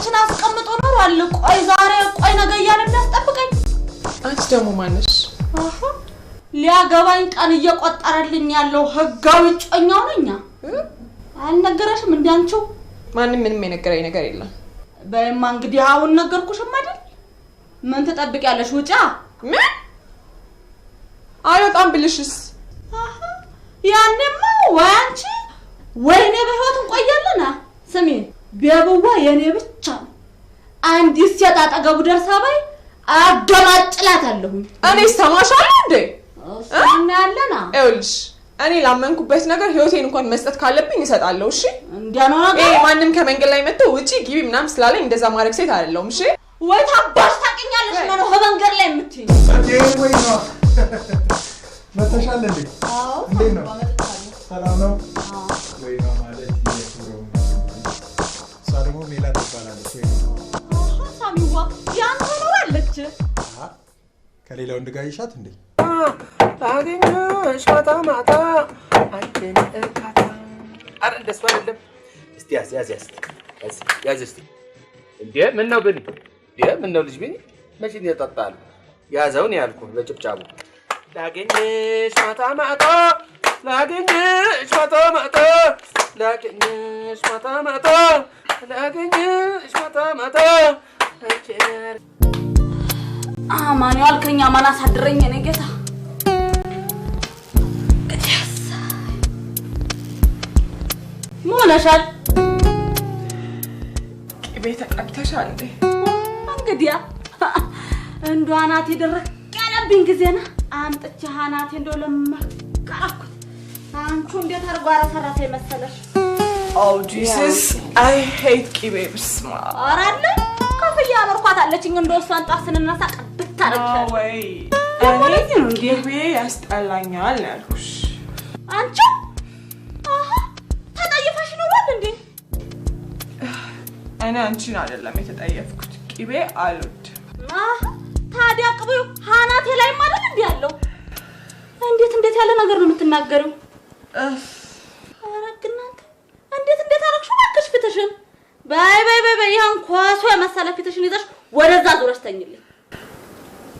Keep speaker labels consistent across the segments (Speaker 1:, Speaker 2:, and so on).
Speaker 1: ወርቆችን አስቀምጦ ኖሯል። ቆይ ዛሬ ቆይ ነገ እያለ የሚያስጠብቀኝ።
Speaker 2: አንቺ ደግሞ ማነሽ?
Speaker 1: ሊያገባኝ ቀን እየቆጠረልኝ ያለው ህጋዊ እጮኛው ነኝ። አልነገረሽም? እንዳንቺው
Speaker 2: ማንም ምንም የነገረኝ ነገር የለም።
Speaker 1: በይማ እንግዲህ አሁን ነገርኩሽም አይደል? ምን ትጠብቂያለሽ? ውጫ
Speaker 2: ምን አይወጣም ብልሽስ?
Speaker 1: ያንማ ወይ አንቺ ወይ በህይወት እንቆያለን። ስሚ ቢያበዋ የእኔ ብቻ ነው። አንድ ሴት አጠገቡ ደርሳ ባይ አደማጭላታለሁ።
Speaker 2: እኔ ይሰማሻል እንዴ? እናያለን። ይኸውልሽ እኔ ላመንኩበት ነገር ህይወቴን እንኳን መስጠት ካለብኝ እሰጣለሁ። እሺ እንዲያ ማንም ከመንገድ ላይ መጥቶ ውጪ ግቢ ምናምን ስላለኝ እንደዛ ማድረግ ሴት አይደለሁም። እሺ
Speaker 1: ወይ ታባሽ ታውቂኛለሽ እና ነው ከመንገድ ላይ የምትይኝ
Speaker 3: ወይ ነው መተሻለ እንዴ? አዎ ነው። ሰላም ነው ከሌላ ወንድ ጋር ይሻት እንዴ?
Speaker 2: አገኘሽ ማታ ማታ አንቺን እርካታ። ኧረ እንደሱ አይደለም። እስቲ ያዝ ያዝ ያዝ ያዝ እስቲ። እንዴ ምን ነው ብኒ? እንዴ ምን ነው ልጅ ብኒ? መቼ ይጠጣል? ያዘውን ያልኩህ በጭብጫቡ ላገኘሽ ማታ ማታ ላገኘሽ ማታ ማታ ላገኘሽ ማታ ማታ ላገኘሽ ማታ ማታ
Speaker 1: አማኑኤል ከኛ ማን አሳድረኝ ነው ጌታ ሆነሻል።
Speaker 2: ቅቤ ተቀብተሻል።
Speaker 1: እንግዲያ እንዶ አናቴ ደረቅ ያለብኝ ጊዜና አምጥቼ አናቴ እንደው ለመቀራኩት አንቹ እንዴት አድርጎ አረሰራተ መሰለሽ?
Speaker 2: ኦ ጂሰስ አይ ሄት ቅቤ ብስማ
Speaker 1: አራለ ከፍያ አበርኳት አለችኝ እሷን ጣፍ ስንነሳ
Speaker 2: ታረግሻለሽ። እኔ ግን እንዲህ ብዬ ያስጠላኛል ያልኩሽ።
Speaker 1: አንቺ ተጠየፈሽ ኖሯል እንዴ?
Speaker 2: እኔ አንቺን አይደለም የተጠየፍኩት፣ ቅቤ አሉት
Speaker 1: ታዲያ ቅቤው ሀናቴ ላይ ማለት እንዲህ አለው እንዴት እንዴት ያለ ነገር ነው የምትናገሪው? ኧረ እንዴት እንዴት እባክሽ ፊትሽን በይ በይ በይ በይ፣ የመሰለ ፊትሽን ይዘሽ ወደዛ ዙረሽ ተኝልኝ።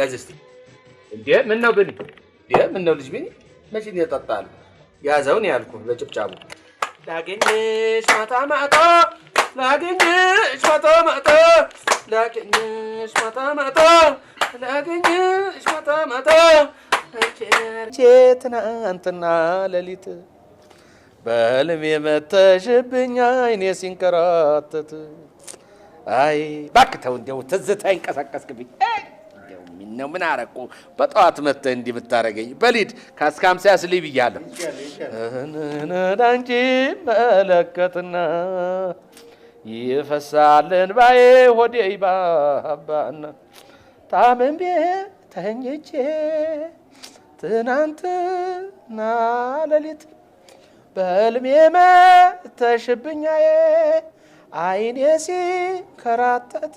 Speaker 2: ያዝ እስኪ። እንዴ ምን ነው ብኒ? እንዴ ምን ነው ልጅ ብኒ? መቼ ነው የጠጣኸው? ያዘውን ያልኩህ በጭብጫቡ ላገኝሽ ማታ ማታ ላገኝሽ ማታ ማታ ላገኝሽ ማታ ማታ ላገኝሽ ማታ ማታ ትናንትና ሌሊት በህልሜ መተሽብኛ አይኔ ሲንከራተት አይ እባክህ ተው እንደው ትዝታ ይንቀሳቀስክብኝ ነው። ምን አረቁ በጠዋት መጥተህ እንዲህ ብታረገኝ በሊድ ከእስከ ሀምሳ ያስልይ ብያለሁ። ዳንቺ መለከትና ይፈሳልን ባዬ ሆዴ ይባባና ታመምቤ ተኝቼ ትናንትና ሌሊት በህልሜ መተሽብኛዬ አይኔ ሲከራተተ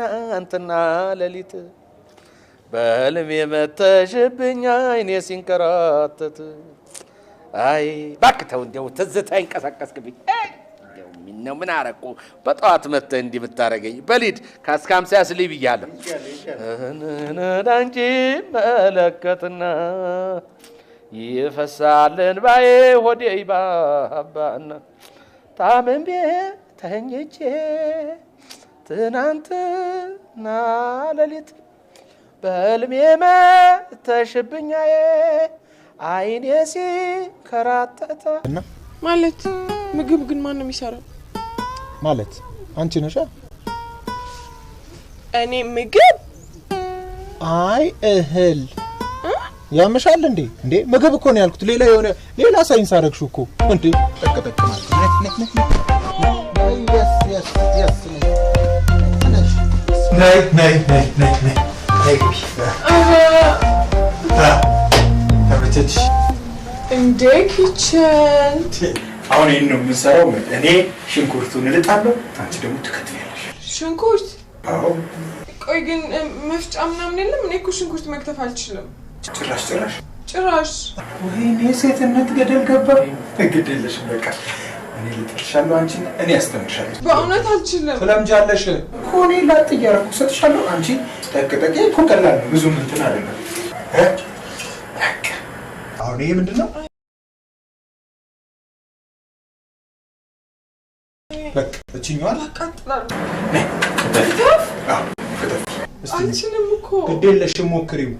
Speaker 2: ትናንትና ሌሊት በህልሜ መተሽብኝ አይኔ ሲንከራተት አይ እባክህ ተው፣ እንዲያው ትዝታ ይንቀሳቀስክብኝ። እንዲያው ምነው ምን አረቁ በጠዋት መተህ እንዲህ ብታረገኝ። በሊድ ከእስከ ሃምሳ ያስልኝ ብያለሁ። አንቺ መለከትና ይፈሳል እንባዬ ሆዴ ይባባና ታምሜ ተኝቼ ትናንትና ሌሊት በሕልሜ መተሽብኛዬ አይኔ ሲከራተተ ማለት ምግብ ግን ማን ነው የሚሰራው?
Speaker 3: ማለት አንቺ ነሻ።
Speaker 2: እኔ ምግብ
Speaker 3: አይ እህል ያመሻል እንዴ? እንዴ ምግብ እኮ ነው ያልኩት። ሌላ የሆነ ሌላ ሳይንስ አረግሽው እኮ እንዴ። ጠቅጠቅ ማለት Nee, nee, nee, nee, nee. Nee, ተመቸች
Speaker 2: እንዴ? ኪችን
Speaker 3: አሁን ይህን ነው የምንሰራው። እኔ ሽንኩርቱን እልጣለሁ፣ አንቺ ደግሞ ትከትፊያለሽ። ሽንኩርት? አዎ።
Speaker 2: ቆይ ግን መፍጫ ምናምን የለም? እኔ እኮ ሽንኩርት መክተፍ አልችልም። ጭራሽ ጭራሽ ጭራሽ።
Speaker 3: ወይኔ ሴትነት ገደል ገባ። ግድ የለሽም በቃ እኔ ልጥልሻለሁ፣ አንቺ እኔ ያስተምርሻለሁ።
Speaker 2: በእውነት አልችልም።
Speaker 3: ትለምጃለሽ እኮ እኔ ላጥ እያደረኩ እሰጥሻለሁ። አንቺ ጠቅጠቂ እኮ ቀላል ነው፣ ብዙም እንትን አይደለም። አሁን ይሄ ምንድን ነው? በቃ እችኛዋል አልችልም ግድ የለሽም፣ ሞክሪው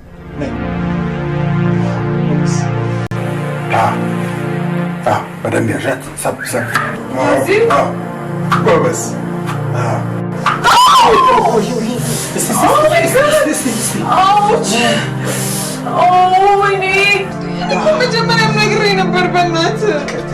Speaker 3: para Bergette, ça, ça. sabe? y Ah, ah, ah. Oh, ouais, vas-y.
Speaker 2: Ah. Oh,
Speaker 3: oui, oui. C'est
Speaker 2: oh, Oh, my God. Ouch. Oh, Winnie. Comment a peux me faire une